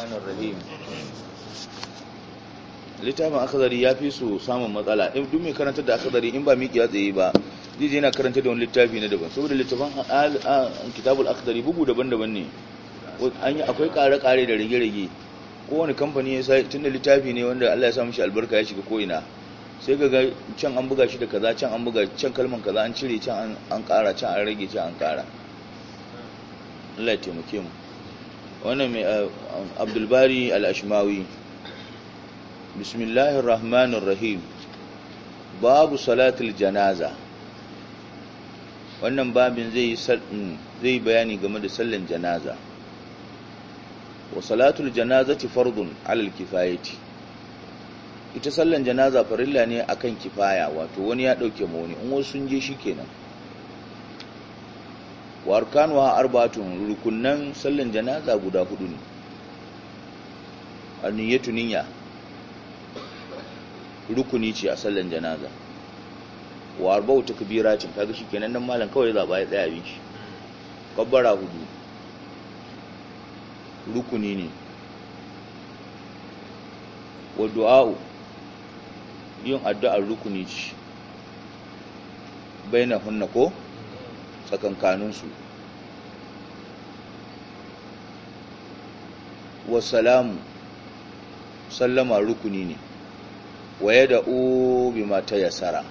الرحمن الرحيم littafin akhdari ya fi su samun matsala in duk mai karanta da akhdari in ba miƙiya tsaye ba jiji yana karanta da wani littafi na daban saboda littafin kitabul akhdari bugu daban-daban ne akwai ƙare-ƙare da rage-rage kowane kamfani ya sai da littafi ne wanda Allah ya samu shi albarka ya shiga ko'ina sai ga can an buga shi da kaza can an buga can kalman kaza an cire can an ƙara can an rage can an ƙara Allah ya taimake mu wannan mai eh, abdulbari al'ashmawi bismillahir rahmanir rahim babu salatul janaza wannan babin mm, zai yi bayani game da sallan janaza wa salatul janaza janazati fardun alal kifayati ita sallan janaza farilla ne akan kifaya wato wani ya dauke ma wani in wasu sun je shi kenan wa arkanuha arbatun rukunnan sallan janaza guda hudu ne aniyatu niyya rukuni ce a sallan janaza wa arba'u takbiratin kaga kenan nan malam kawai zaba ya tsaya bin shi kabbara hudu rukuni ne wa du'a'u yin addu'ar rukuni ce bainahunna ko tsakankaninsu wasalamu sallama rukuni ne wa ya da'o bi mata yasara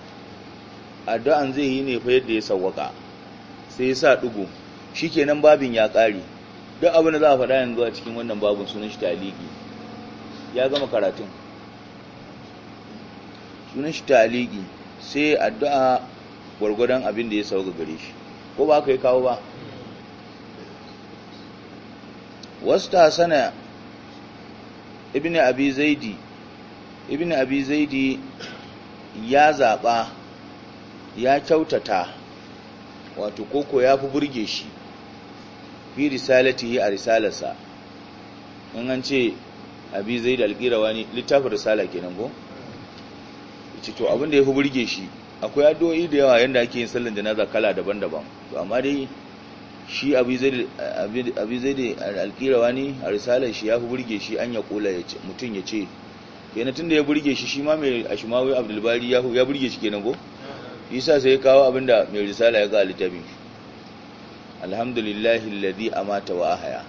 addu'an zai yi ne fa yadda ya sawwaka sai ya sa ɗugu shi kenan babin ya ƙari duk abin da za a faɗa yanzu a cikin wannan babin sunan shi taligi ya gama karatun sunan shi taligi sai addu'a gwargwadon abin da ya sauka gare shi ko ba ka yi kawo ba wasu ta sana ibini abi zaidi ibini abi zaidi ya zaɓa ya kyautata wato koko ya fi burge shi fi yi a risalarsa in an ce abi zaidi alƙirawa wani littafin risala kenan ko? ce to abinda ya fi burge shi akwai addu'o'i da yawa yanda ake yin sallan janaza kala daban-daban to amma dai shi abi da alkirawa ne a risalar shi ya fi burge shi an ya kula mutum ya ce kenan tunda ya burge shi shi ma mai ashimawai abdulbari ya ya burge shi kenan ko yasa sai ya kawo abinda mai risala ya ga littafin alhamdulillahi alladhi amata wa ahya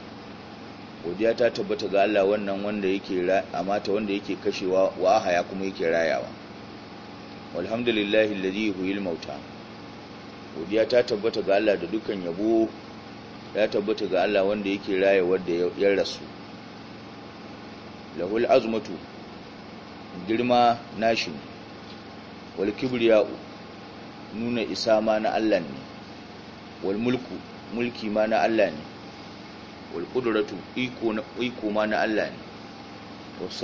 godiya ta tabbata ga Allah wannan wanda yake amata wanda yake kashewa wa ahya kuma yake rayawa walhamdulillahi alladhi huyi mauta godiya ta tabbata ga Allah da dukan yabo ya tabbata ga Allah wanda yake raye wanda ya rasu lahul azmatu girma nashi wal kibriya nuna isa ma na Allah ne wal mulku mulki ma na Allah ne wal qudratu iko na iko ma na Allah ne was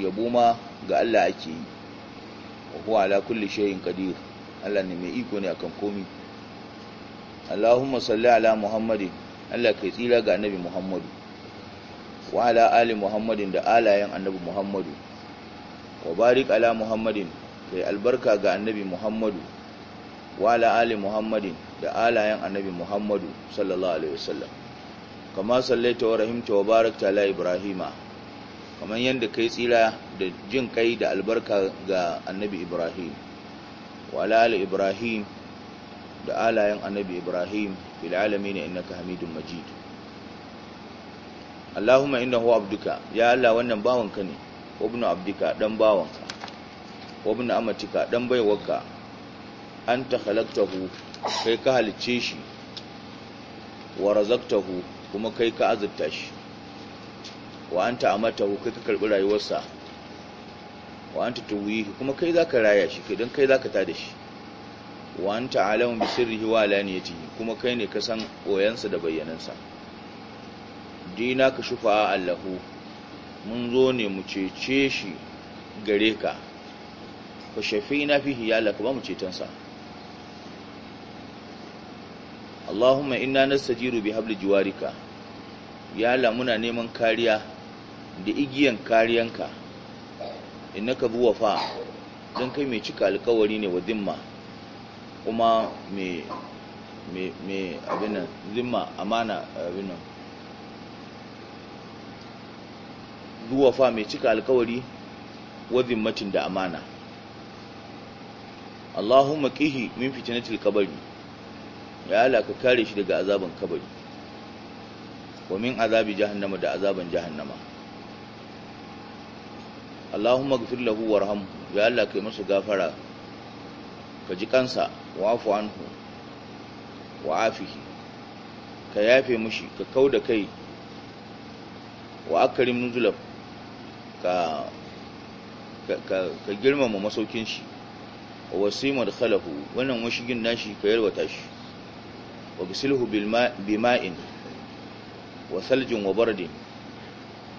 yabo ma ga Allah ake yi wa huwa ala kulli shay'in qadir Allah ne mai iko ne akan komi Allahumma salli ala Muhammadin Allah kai tsira ga annabi Muhammadu wa ala ali Muhammadin da alayen annabi Muhammadu wa barik ala Muhammadin kai albarka ga annabi Muhammadu wa ala ali Muhammadin da alayen annabi Muhammadu sallallahu alaihi wasallam kama sallaita wa rahimta wa barakta ala Ibrahima kamar yadda yi tsira da jin kai da albarka ga annabi ibrahim wa ibrahim da alayen annabi ibrahim fil ne inaka hamidun majid allahumma huwa abduka ya allah wannan bawanka ne wabna Abduka, dan bawanka wabna amatika dan baiwarka anta khalaqtahu kai ka halicce shi wa razaqtahu kuma kai ka azurta shi wa an ta'amata kai ka karɓi rayuwarsa wa an tuwi kuma kai za ka raya shi kai don kai za ka tada shi wa an ta'alamu bi sirrihi wa alaniyati kuma kai ne ka san koyansa da bayyanansa dina ka shufa allahu mun zo ne mu cece shi gare ka fa shafina fihi ya laka ba mu cetonsa Allahumma inna nastajiru bi habli jiwarika ya Allah muna neman kariya da igiyan kariyanka innaka bi wafa don kai mai cika alkawari ne wa zimma kuma mai abinan zimma amana abinan duwafa mai cika alkawari wa zimmacin da amana Allahumma qihi min fitnatil kabari ya Allah ka kare shi daga azaban kabari wa min azabi jahannama da azaban jahannama Allahumma gafir lahu warhamu ya Allah kai masa gafara ka ji kansa wa'fu anhu wa afihi ka yafe mushi ka kau da kai wa akarim nuzulab ka ka girmama masaukin shi wa simar khalahu wannan washigin nashi ka yarwata shi wa gisilhu bima'in wa saljin wa bardin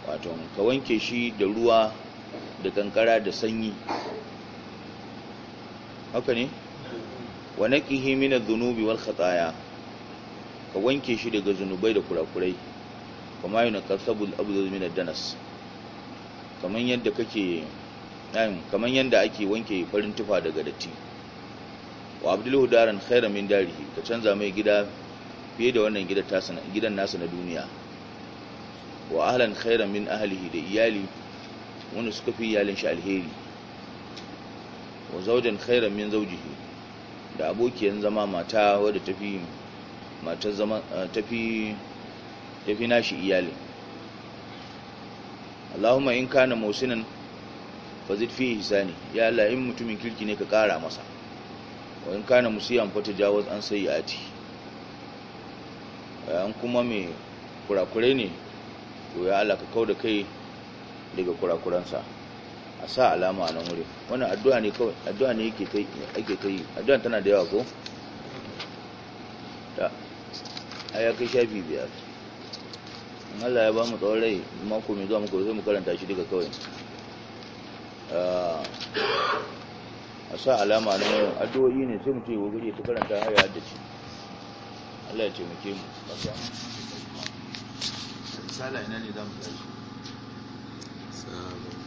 wato ka wanke shi da ruwa da kankara da sanyi haka ne wa naqihi min adh-dhunubi wal khataaya ka wanke shi daga zunubai da kurakurai kama yana kasabul abdul min ad-danas kaman yadda kake Kamar kaman yadda ake wanke farin tufa daga datti wa abdul hudaran khairan min darihi ka canza mai gida fiye da wannan gidan nasa na duniya wa ahlan khairan min ahlihi da iyali wanda suka fi iyalin shi alheri wa zaujan khairan min zawjihi da abokiyan zama mata wadda tafi mata zama eh, tafi tafi nashi iyalin Allahumma in kana musinan fazid fi hisani ya Allah in mutumin kirki ne ka kara masa wa in kana musiyan fa tajawaz an sayyati an kuma me kurakurai ne to ya Allah ka kauda kai daga kurakuransa a sa alama a nan wuri wani addu'a ne yake ta ake ta yi addu'a tana da yawa ko ta aya kai shafi biyar in Allah ya ba mu tsawon rai mako mai zuwa muku zai mu karanta shi duka kawai ah, a sa alama na yau addu'o'i ne sai mutu yi wuri ta karanta har ya haddace Allah ya taimake mu. ba Misala ina ne za mu tashi. Um,